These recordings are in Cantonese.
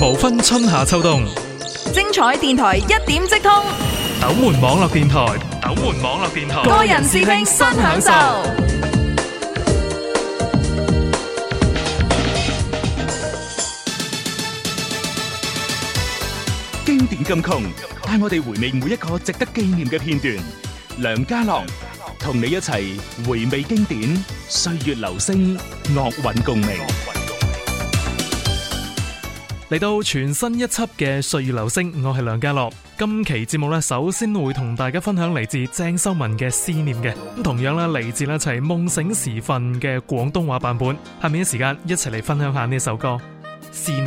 無分春夏秋冬，精彩電台一點即通。斗門網絡電台，斗門網絡電台，多人視聽，新享受。經典金曲帶我哋回味每一個值得紀念嘅片段。梁家朗同你一齊回味經典，歲月留聲，樂韻共鳴。嚟到全新一輯嘅《歲月留聲》，我係梁家樂。今期節目咧，首先會同大家分享嚟自鄭秀文嘅《思念》嘅，咁同樣啦，嚟自一齊《夢醒時分》嘅廣東話版本。下面嘅時間，一齊嚟分享一下呢首歌《思念》。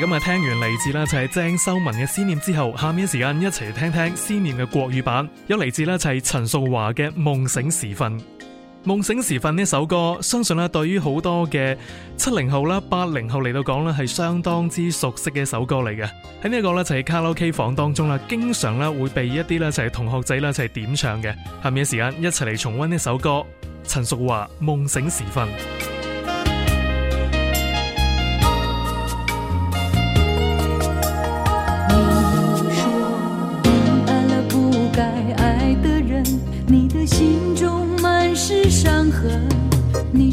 咁啊，聽完嚟自呢就係鄭秀文嘅《思念》之後，下面嘅時間一齊嚟聽聽《思念》嘅國語版。有嚟自呢就係陳淑華嘅《夢醒時分》。《夢醒時分》呢首歌，相信對於好多嘅七零後啦、八零後嚟到講呢係相當之熟悉嘅一首歌嚟嘅。喺呢個呢就係卡拉 OK 房當中啦，經常咧會被一啲咧就係同學仔咧就係點唱嘅。下面嘅時間一齊嚟重溫呢首歌《陳淑華夢醒時分》。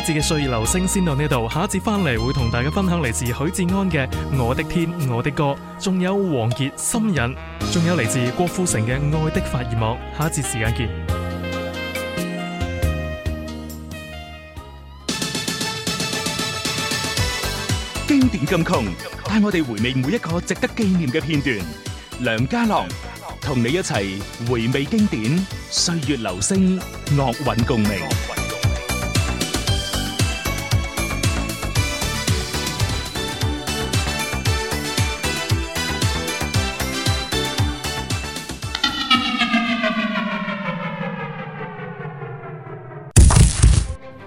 節嘅歲月留聲先到呢度，下一節翻嚟會同大家分享嚟自許志安嘅《我的天我的歌》，仲有王傑心癮，仲有嚟自郭富城嘅《愛的發熱幕》，下一節時間見。經典金曲，帶我哋回味每一個值得紀念嘅片段。梁家朗同你一齊回味經典歲月留聲，樂韻共鳴。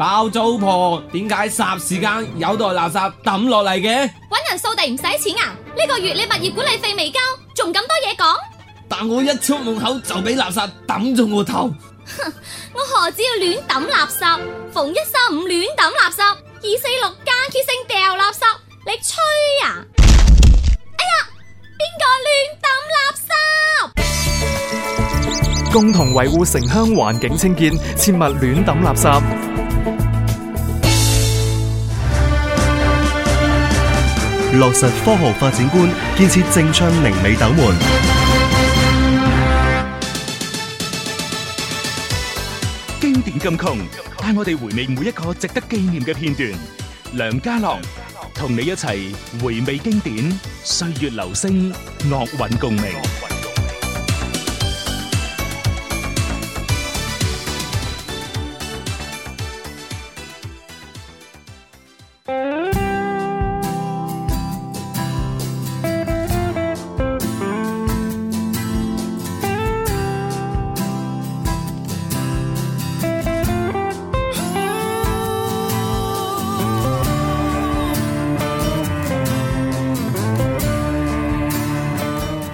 包租婆，點解霎時間有袋垃圾抌落嚟嘅？搵人掃地唔使錢啊！呢個月你物業管理費未交，仲咁多嘢講？但我一出門口就俾垃圾抌咗我頭。哼！我何止要亂抌垃圾？逢一三五亂抌垃圾，二四六間歇性掉垃圾，你吹啊！哎呀，邊個亂抌垃圾？共同維護城鄉環境清潔，切勿亂抌垃圾。落實科學發展觀，建設精聰明美斗門。經典咁窮，帶我哋回味每一個值得紀念嘅片段。梁家郎，同你一齊回味經典，歲月留聲，樂韻共鳴。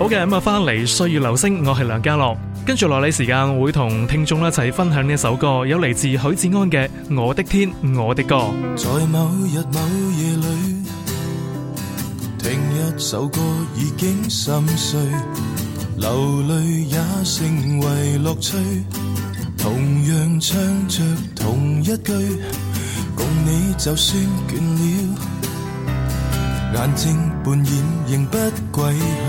嘅咁啊，翻嚟《歲月留聲》，我係梁家樂，跟住落嚟時間會同聽眾咧一齊分享呢一首歌，有嚟自許志安嘅《我的天，我的歌》。在某日某夜裡，聽一首歌已經心碎，流淚也成為樂趣，同樣唱著同一句，共你就算倦了，眼睛半掩仍不歸去。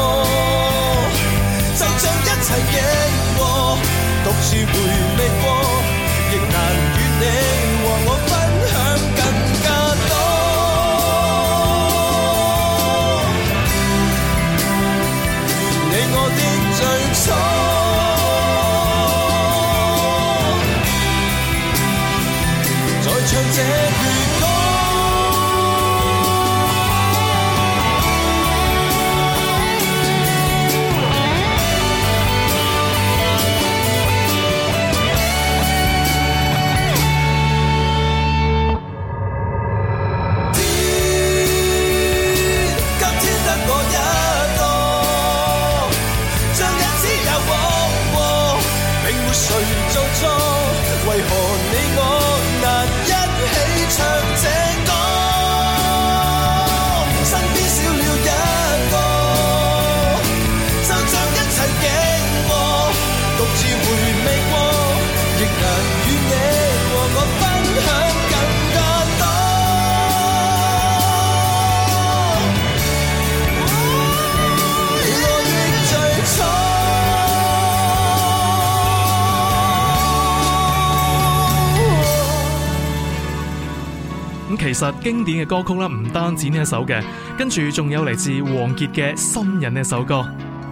其實經典嘅歌曲啦，唔單止呢一首嘅，跟住仲有嚟自王傑嘅《心人》呢一首歌。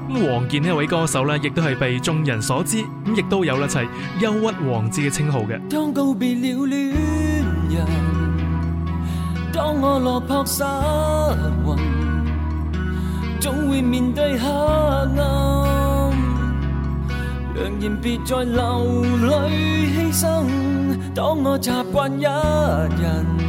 咁王傑呢一位歌手呢，亦都係被眾人所知，咁亦都有一齊憂鬱王子嘅稱號嘅。當告別了戀人，當我落魄失魂，總會面對黑暗，揚言別再流淚犧牲，當我習慣一人。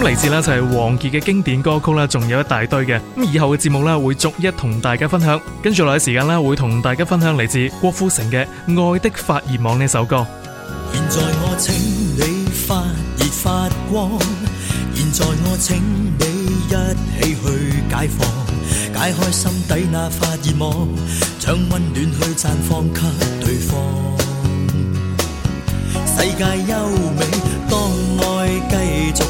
嚟自咧就係王傑嘅經典歌曲啦，仲有一大堆嘅。咁以後嘅節目咧會逐一同大家分享。跟住落嚟時間咧會同大家分享嚟自郭富城嘅《愛的發熱網》呢首歌。現在我請你發熱發光，現在我請你一起去解放，解開心底那發熱網，將溫暖去綻放給對方。世界優美，當愛繼續。